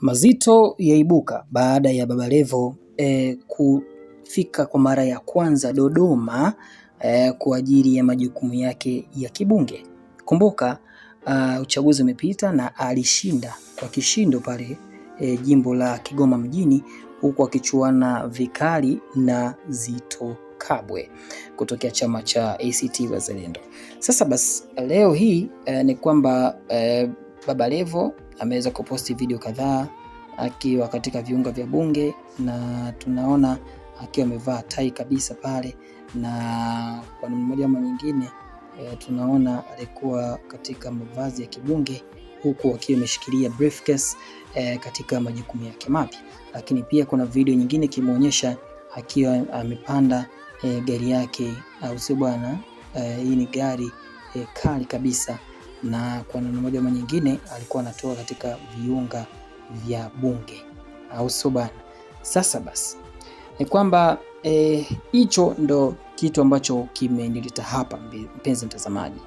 Mazito yaibuka baada ya Baba Levo eh, kufika kwa mara ya kwanza Dodoma eh, kwa ajili ya majukumu yake ya kibunge. Kumbuka uh, uchaguzi umepita na alishinda kwa kishindo pale eh, jimbo la Kigoma mjini huku akichuana vikali na Zito Kabwe kutokea chama cha ACT Wazalendo. Sasa basi leo hii eh, ni kwamba eh, Baba Levo ameweza kuposti video kadhaa akiwa katika viunga vya Bunge na tunaona akiwa amevaa tai kabisa pale, na kwa namna moja ama nyingine e, tunaona alikuwa katika mavazi ya kibunge huku akiwa ameshikilia briefcase e, katika majukumu yake mapya. Lakini pia kuna video nyingine kimeonyesha akiwa amepanda e, gari yake, au sio bwana? E, hii ni gari e, kali kabisa na kwa namna moja ama nyingine alikuwa anatoa katika viunga vya bunge au sio bana? Sasa basi ni kwamba eh, hicho e, ndo kitu ambacho kimenileta hapa mpenzi mtazamaji.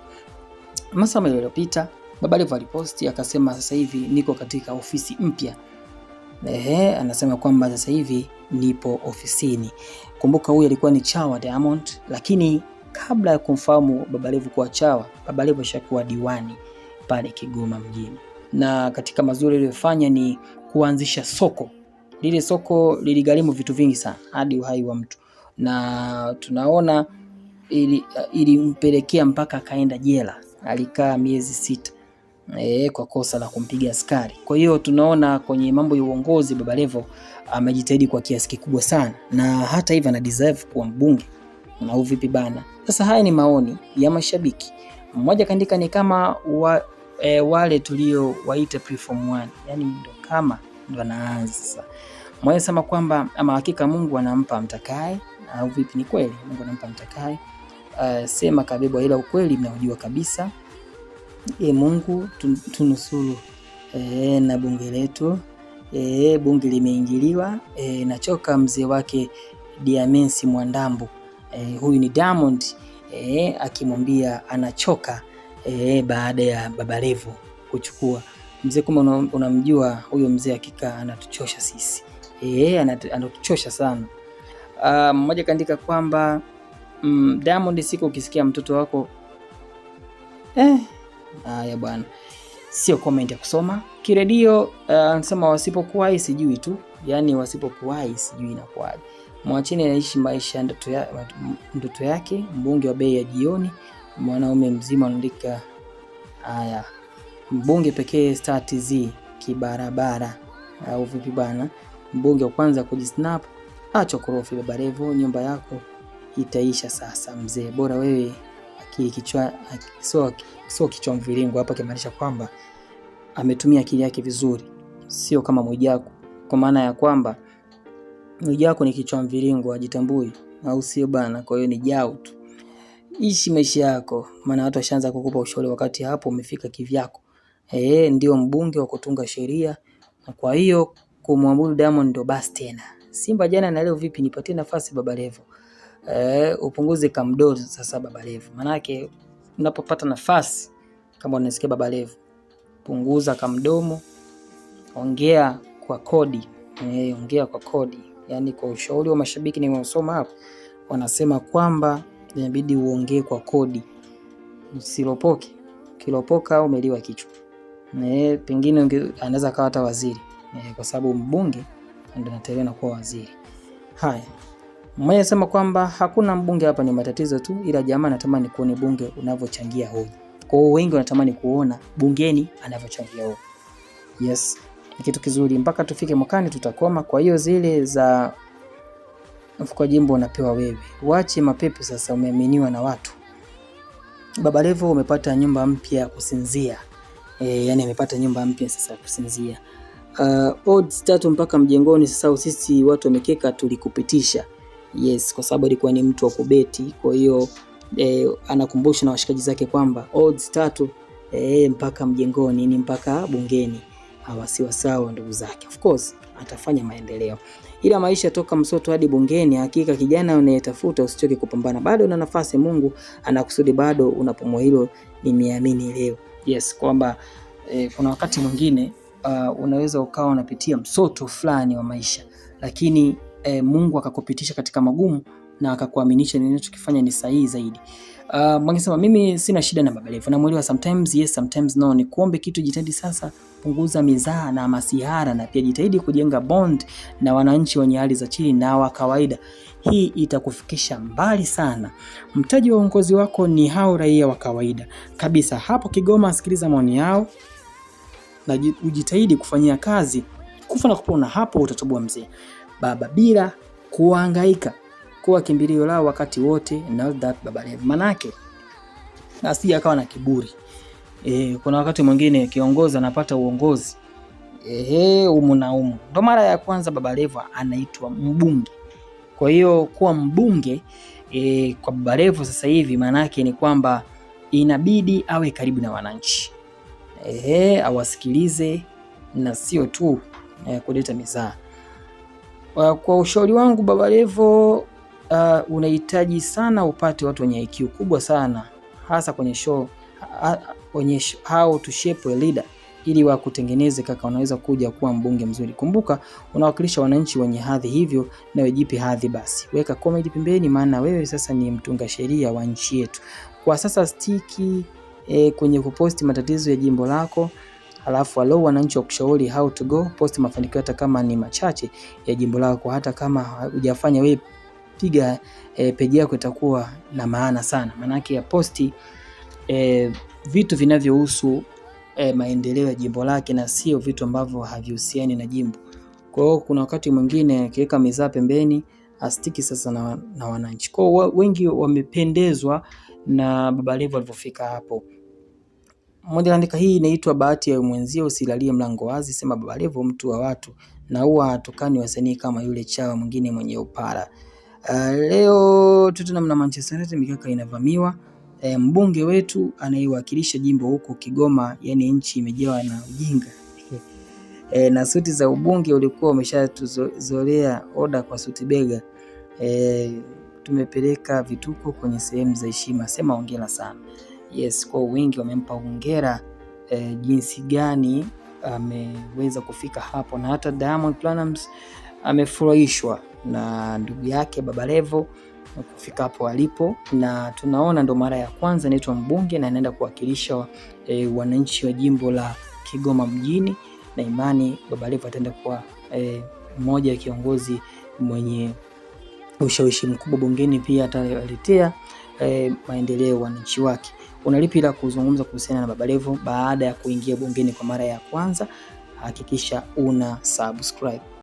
Masaa yaliyopita Baba Levo aliposti akasema, sasa hivi niko katika ofisi mpya. Ehe, anasema kwamba sasa hivi nipo ofisini. Kumbuka huyu alikuwa ni chawa Diamond, lakini kabla ya kumfahamu Babalevu kuwa chawa, Babalevu ashakuwa diwani pale Kigoma mjini, na katika mazuri aliyofanya ni kuanzisha soko. Lile soko liligharimu vitu vingi sana hadi uhai wa mtu, na tunaona ilimpelekea ili mpaka akaenda jela, alikaa miezi sita e, kwa kosa la kumpiga askari. Kwa hiyo tunaona kwenye mambo ya uongozi Babalevo amejitahidi kwa kiasi kikubwa sana, na hata hivyo ana deserve kuwa mbunge na uvipi bana. Sasa haya ni maoni ya mashabiki. Mmoja kaandika ni kama wa, e, wale tulio waita preform 1 yani ndo kama ndo anaanza. Mmoja sema kwamba ama hakika Mungu anampa mtakaye, na uvipi, Ni kweli Mungu anampa mtakaye. Uh, sema kabebwa, ila ukweli mnaojua kabisa. E Mungu tunusuru, e, na bunge letu e, bunge limeingiliwa e, nachoka mzee wake Diamensi Mwandambu eh, huyu ni Diamond eh, akimwambia anachoka eh, baada ya Levo kuchukua mzee. Kama unamjua huyo mzee, hakika anatuchosha sisi eh, anatuchosha sana. Ah, mmoja um, kaandika kwamba mm, Diamond siku ukisikia mtoto wako eh, haya bwana, sio comment ya kusoma kiredio. Ah, anasema uh, wasipokuwahi sijui tu, yani wasipokuwahi sijui inakuwaje. Mwachini anaishi maisha ndoto, ya, ndoto yake. Mbunge wa bei ya jioni, mwanaume mzima anaandika haya. Mbunge pekee Star TZ kibarabara au vipi bana? Mbunge wa kwanza kujisnap, acha korofi Baba Levo, nyumba yako itaisha sasa mzee, bora wewe kichwa sio kichwa mviringo hapa, kimaanisha kwamba ametumia akili yake vizuri, sio kama Mwijaku, kwa maana ya kwamba Mwijaku ni kichwa mviringo, ajitambui au sio bana? Kwa hiyo ni jao tu. Ishi maisha yako, maana watu washaanza kukupa ushauri wakati hapo umefika kivyako. Eh, ndio mbunge wa kutunga sheria, na kwa hiyo kumwamuru Diamond ndo basi tena. Simba jana na leo vipi? Nipatie nafasi Baba Levo. Eh, upunguze kamdozi sasa Baba Levo. Maana yake unapopata nafasi kama unasikia Baba Levo, punguza kamdomo, ongea kwa kodi. Eh, ongea kwa kodi yani kwa ushauri wa mashabiki nimeusoma hapo, wanasema kwamba inabidi uongee kwa kodi, usilopoke. Ukiropoka umeliwa kichwa. E, pengine anaweza kawa hata waziri e, kwa sababu mbunge ndio na kuwa waziri. Haya, mmoja anasema kwamba hakuna mbunge hapa, ni matatizo tu, ila jamaa anatamani kuona bunge unavyochangia hoja. Kwa hiyo wengi wanatamani kuona bungeni anavyochangia hoja. Yes ni kitu kizuri. Mpaka tufike mwakani tutakoma. Kwa hiyo zile za mfuko wa jimbo unapewa wewe, wache mapepo sasa. Umeaminiwa na watu. Baba Levo umepata nyumba mpya kusinzia e, yani amepata nyumba mpya sasa kusinzia. Uh, odds tatu mpaka mjengoni sasa. Sisi watu wamekeka tulikupitisha, yes, kwa sababu alikuwa ni mtu wa kubeti. Kwa hiyo e, anakumbusha na washikaji zake kwamba odds tatu e, mpaka mjengoni ni mpaka bungeni hawasiwasawa ndugu zake. Of course atafanya maendeleo, ila maisha toka msoto hadi bungeni. Hakika kijana unayetafuta usichoke kupambana, bado una nafasi. Mungu anakusudi, bado unapumua. Hilo nimeamini leo, yes, kwamba eh, kuna wakati mwingine uh, unaweza ukawa unapitia msoto fulani wa maisha, lakini eh, Mungu akakupitisha katika magumu na akakuaminisha ninachokifanya ni sahihi zaidi. Uh, ah, mwangesema mimi sina shida na Baba Levo, sometimes yes, sometimes no. Ni kuombe kitu, jitahidi sasa punguza mizaa na masihara, na pia jitahidi kujenga bond na wananchi wenye hali za chini na wa kawaida. Hii itakufikisha mbali sana. Mtaji wa uongozi wako ni hao raia wa kawaida kabisa hapo Kigoma. sikiliza maoni yao na ujitahidi kufanyia kazi. Kufa na kupona, hapo utatoboa mzee baba, bila kuangaika kuwa kimbilio lao wakati wote Baba Babalevo. Manake asije akawa na kiburi e, kuna wakati mwingine kiongozi anapata uongozi ehe, umu na umu. Ndo mara ya kwanza Babalevo anaitwa mbunge, kwa hiyo kuwa mbunge e, kwa Babalevo sasa hivi manake ni kwamba inabidi awe karibu na wananchi ehe, awasikilize na sio tu e, kuleta mizaa. Kwa ushauri wangu Levo uh, unahitaji sana upate watu wenye IQ kubwa sana, hasa kwenye show wenye how to shape a leader ili wakutengeneze kaka, unaweza kuja kuwa mbunge mzuri. Kumbuka unawakilisha wananchi wenye hadhi, hivyo nawe jipe hadhi basi. Weka comedy pembeni, maana wewe sasa ni mtunga sheria wa nchi yetu. Kwa sasa stiki e, kwenye kuposti matatizo ya jimbo lako, alafu alo wananchi wakushauri how to go. post mafanikio hata kama ni machache ya jimbo lako, hata kama hujafanya wewe ukipiga e, eh, peji yako itakuwa na maana sana. Maanake ya posti e, vitu vinavyohusu e, maendeleo ya jimbo lake na sio vitu ambavyo havihusiani na jimbo. Kwa hiyo kuna wakati mwingine akiweka mizaa pembeni astiki sasa na, na wananchi. Kwa hiyo wengi wamependezwa na Baba Levo alivyofika hapo. Mmoja anaandika hii inaitwa bahati ya mwenzio, usilalie mlango wazi, sema Baba Levo mtu wa watu, na huwa hatukani wasanii kama yule chawa mwingine mwenye upara. Uh, leo Tottenham na Manchester United mikaka inavamiwa. E, mbunge wetu anaiwakilisha jimbo huko Kigoma, yani nchi imejawa na ujinga e, na suti za ubunge ulikuwa umeshatuzolea oda kwa suti bega e, tumepeleka vituko kwenye sehemu za heshima. Sema hongera sana. Yes, kwa wengi wamempa hongera e, jinsi gani ameweza kufika hapo, na hata Diamond Platnumz amefurahishwa na ndugu yake Baba Levo kufika hapo alipo, na tunaona ndo mara ya kwanza anaitwa mbunge na anaenda kuwakilisha e, wananchi wa jimbo la Kigoma mjini, na imani Baba Levo ataenda kuwa e, mmoja ya kiongozi mwenye ushawishi mkubwa bungeni, pia ataletea e, maendeleo wananchi wake. Unalipi la kuzungumza kuhusiana na Baba Levo baada ya kuingia bungeni kwa mara ya kwanza? Hakikisha una subscribe.